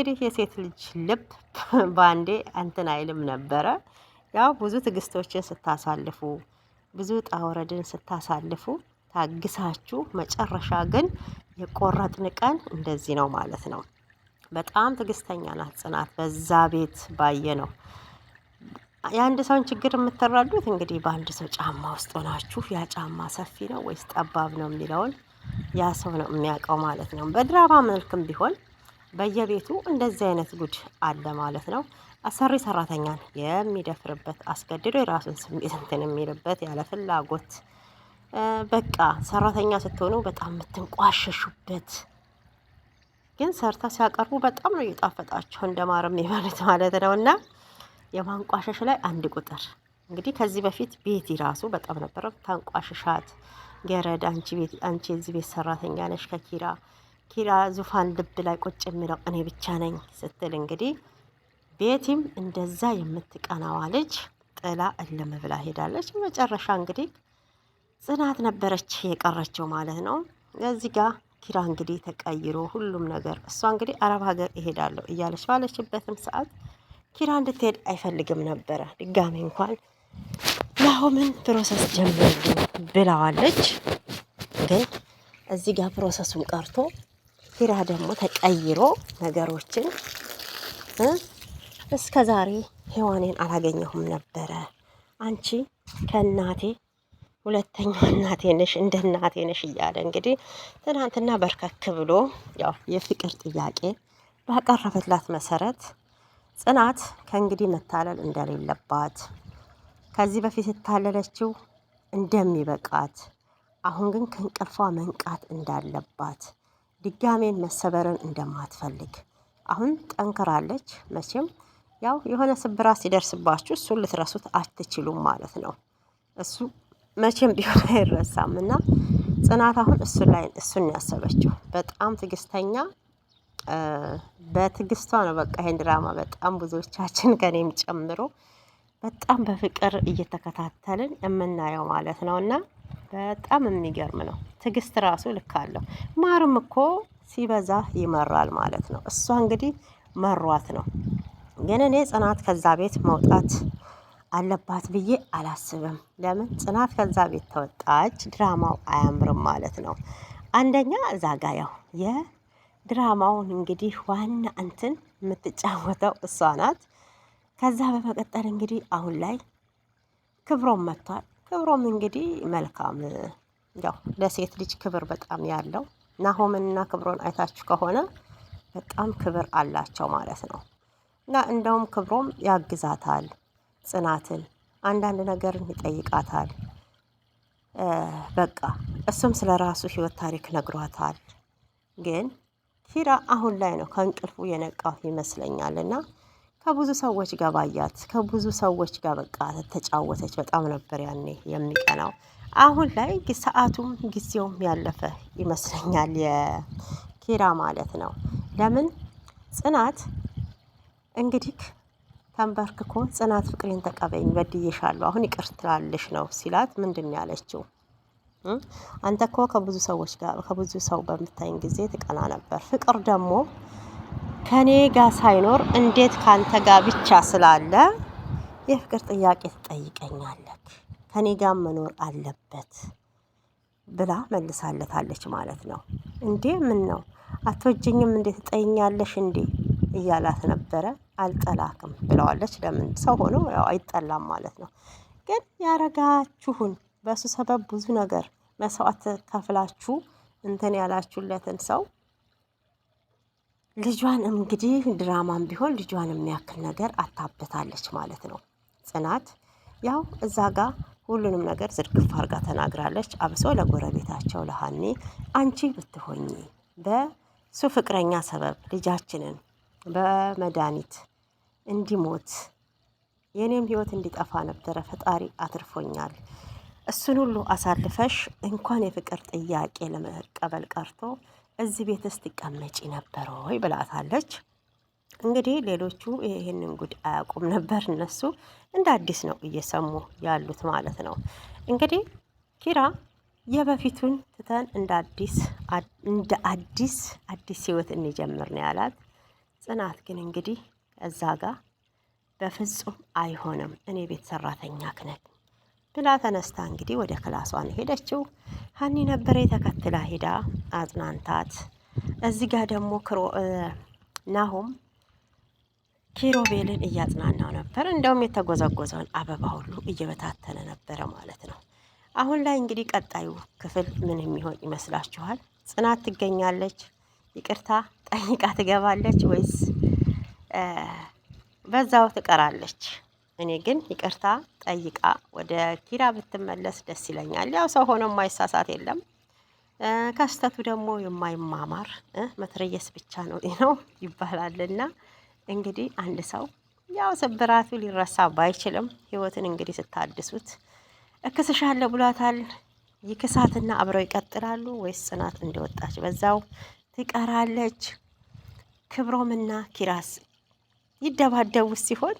እንግዲህ የሴት ልጅ ልብ በአንዴ እንትን አይልም ነበረ። ያው ብዙ ትዕግስቶችን ስታሳልፉ፣ ብዙ ጣውረድን ስታሳልፉ ታግሳችሁ መጨረሻ ግን የቆረጥን ቀን እንደዚህ ነው ማለት ነው። በጣም ትዕግስተኛ ናት ጽናት። በዛ ቤት ባየ ነው የአንድ ሰውን ችግር የምትረዱት እንግዲህ በአንድ ሰው ጫማ ውስጥ ሆናችሁ ያ ጫማ ሰፊ ነው ወይስ ጠባብ ነው የሚለውን ያ ሰው ነው የሚያውቀው ማለት ነው። በድራማ መልክም ቢሆን በየቤቱ እንደዚህ አይነት ጉድ አለ ማለት ነው። አሰሪ ሰራተኛን የሚደፍርበት አስገድዶ የራሱን ስሜት እንትን የሚልበት ያለ ፍላጎት በቃ ሰራተኛ ስትሆኑ በጣም የምትንቋሸሹበት፣ ግን ሰርታ ሲያቀርቡ በጣም ነው እየጣፈጣቸው እንደማርም ይበሉት ማለት ነው። እና የማንቋሸሽ ላይ አንድ ቁጥር እንግዲህ ከዚህ በፊት ቤቲ ራሱ በጣም ነበረ ታንቋሽሻት ገረድ፣ አንቺ ቤት አንቺ የዚህ ቤት ሰራተኛ ነሽ ከኪራ ኪራ ዙፋን ልብ ላይ ቁጭ የሚለው እኔ ብቻ ነኝ ስትል እንግዲህ ቤቲም እንደዛ የምትቀናዋ ልጅ ጥላ እልም ብላ ሄዳለች። መጨረሻ እንግዲህ ጽናት ነበረች የቀረችው ማለት ነው። እዚህ ጋር ኪራ እንግዲህ ተቀይሮ ሁሉም ነገር እሷ እንግዲህ አረብ ሀገር እሄዳለሁ እያለች ባለችበትም ሰዓት ኪራ እንድትሄድ አይፈልግም ነበረ። ድጋሚ እንኳን ለአሁምን ፕሮሰስ ጀምርልኝ ብለዋለች። ግን እዚህ ጋር ፕሮሰሱን ቀርቶ ሂራ ደግሞ ተቀይሮ ነገሮችን እስከ ዛሬ ሔዋኔን አላገኘሁም ነበረ። አንቺ ከእናቴ ሁለተኛው እናቴ ነሽ፣ እንደ እናቴ ነሽ እያለ እንግዲህ ትናንትና በርከክ ብሎ ያው የፍቅር ጥያቄ ባቀረበላት መሰረት ጽናት ከእንግዲህ መታለል እንደሌለባት ከዚህ በፊት የታለለችው እንደሚበቃት አሁን ግን ከእንቅልፏ መንቃት እንዳለባት ድጋሜን መሰበርን እንደማትፈልግ አሁን ጠንክራለች። መቼም ያው የሆነ ስብራ ሲደርስባችሁ እሱን ልትረሱት አትችሉም ማለት ነው። እሱ መቼም ቢሆን አይረሳም እና ጽናት አሁን እሱ ላይ እሱን ያሰበችው በጣም ትግስተኛ በትግስቷ ነው። በቃ ይህን ድራማ በጣም ብዙዎቻችን ከኔም ጨምሮ በጣም በፍቅር እየተከታተልን የምናየው ማለት ነው። እና በጣም የሚገርም ነው። ትዕግስት ራሱ ልክ አለው። ማርም እኮ ሲበዛ ይመራል ማለት ነው። እሷ እንግዲህ መሯት ነው። ግን እኔ ጽናት ከዛ ቤት መውጣት አለባት ብዬ አላስብም። ለምን ጽናት ከዛ ቤት ተወጣች፣ ድራማው አያምርም ማለት ነው። አንደኛ እዛ ጋ ያው የድራማውን እንግዲህ ዋና እንትን የምትጫወተው እሷ ናት። ከዛ በመቀጠል እንግዲህ አሁን ላይ ክብሮም መጥቷል። ክብሮም እንግዲህ መልካም ያው ለሴት ልጅ ክብር በጣም ያለው ናሆምንና ክብሮን አይታችሁ ከሆነ በጣም ክብር አላቸው ማለት ነው። እና እንደውም ክብሮም ያግዛታል ጽናትን፣ አንዳንድ ነገርን ይጠይቃታል። በቃ እሱም ስለ ራሱ ህይወት ታሪክ ነግሯታል። ግን ኪራ አሁን ላይ ነው ከእንቅልፉ የነቃው ይመስለኛልና ከብዙ ሰዎች ጋር ባያት ከብዙ ሰዎች ጋር በቃ ተጫወተች። በጣም ነበር ያኔ የሚቀናው። አሁን ላይ ሰዓቱም ጊዜውም ያለፈ ይመስለኛል የኪራ ማለት ነው። ለምን ጽናት እንግዲህ ተንበርክኮ ጽናት ፍቅሬን ተቀበኝ በድዬሻለሁ፣ አሁን ይቅር ትላልሽ ነው ሲላት ምንድን ያለችው? አንተ እኮ ከብዙ ሰዎች ጋር ከብዙ ሰው በምታይን ጊዜ ትቀና ነበር። ፍቅር ደግሞ ከኔ ጋር ሳይኖር እንዴት ካንተ ጋር ብቻ ስላለ የፍቅር ጥያቄ ትጠይቀኛለህ? ከኔ ጋር መኖር አለበት ብላ መልሳለታለች ማለት ነው። እንዴ ምን ነው አትወጅኝም እንዴ ትጠይኛለሽ እንዴ እያላት ነበረ። አልጠላክም ብለዋለች። ለምን ሰው ሆኖ ያው አይጠላም ማለት ነው። ግን ያረጋችሁን በሱ ሰበብ ብዙ ነገር መስዋዕት ከፍላችሁ እንትን ያላችሁለትን ሰው ልጇን እንግዲህ ድራማም ቢሆን ልጇን የሚያክል ነገር አታብታለች ማለት ነው። ጽናት ያው እዛ ጋ ሁሉንም ነገር ዝርግፍ አርጋ ተናግራለች። አብሶ ለጎረቤታቸው ለሀኔ አንቺ ብትሆኚ በሱ ፍቅረኛ ሰበብ ልጃችንን በመድኃኒት እንዲሞት የእኔም ህይወት እንዲጠፋ ነበረ። ፈጣሪ አትርፎኛል። እሱን ሁሉ አሳልፈሽ እንኳን የፍቅር ጥያቄ ለመቀበል ቀርቶ እዚህ ቤት ትቀመጪ ነበር ወይ ብላታለች። እንግዲህ ሌሎቹ ይህንን ጉድ አያውቁም ነበር። እነሱ እንደ አዲስ ነው እየሰሙ ያሉት ማለት ነው። እንግዲህ ኪራ የበፊቱን ትተን እንደ አዲስ እንደ አዲስ አዲስ ህይወት እንጀምር ነው ያላት። ጽናት ግን እንግዲህ እዛ ጋር በፍጹም አይሆንም እኔ ቤት ሰራተኛ ክነት ብላ ተነስታ እንግዲህ ወደ ክላሷን ሄደችው። ሀኒ ነበረ የተከትላ ሄዳ አጽናንታት። እዚህ ጋር ደግሞ ናሆም ኪሮቤልን እያጽናናው ነበር። እንደውም የተጎዘጎዘውን አበባ ሁሉ እየበታተነ ነበረ ማለት ነው። አሁን ላይ እንግዲህ ቀጣዩ ክፍል ምን የሚሆን ይመስላችኋል? ጽናት ትገኛለች፣ ይቅርታ ጠይቃ ትገባለች ወይስ በዛው ትቀራለች? እኔ ግን ይቅርታ ጠይቃ ወደ ኪራ ብትመለስ ደስ ይለኛል። ያው ሰው ሆኖ ማይሳሳት የለም። ከስተቱ ደግሞ የማይማማር መትረየስ ብቻ ነው ነው ይባላልና እንግዲህ አንድ ሰው ያው ስብራቱ ሊረሳ ባይችልም ህይወትን እንግዲህ ስታድሱት እክስሻለሁ ብሏታል። ይክሳትና አብረው ይቀጥላሉ ወይስ ጽናት እንደወጣች በዛው ትቀራለች? ክብሮምና ኪራስ ይደባደቡ ሲሆን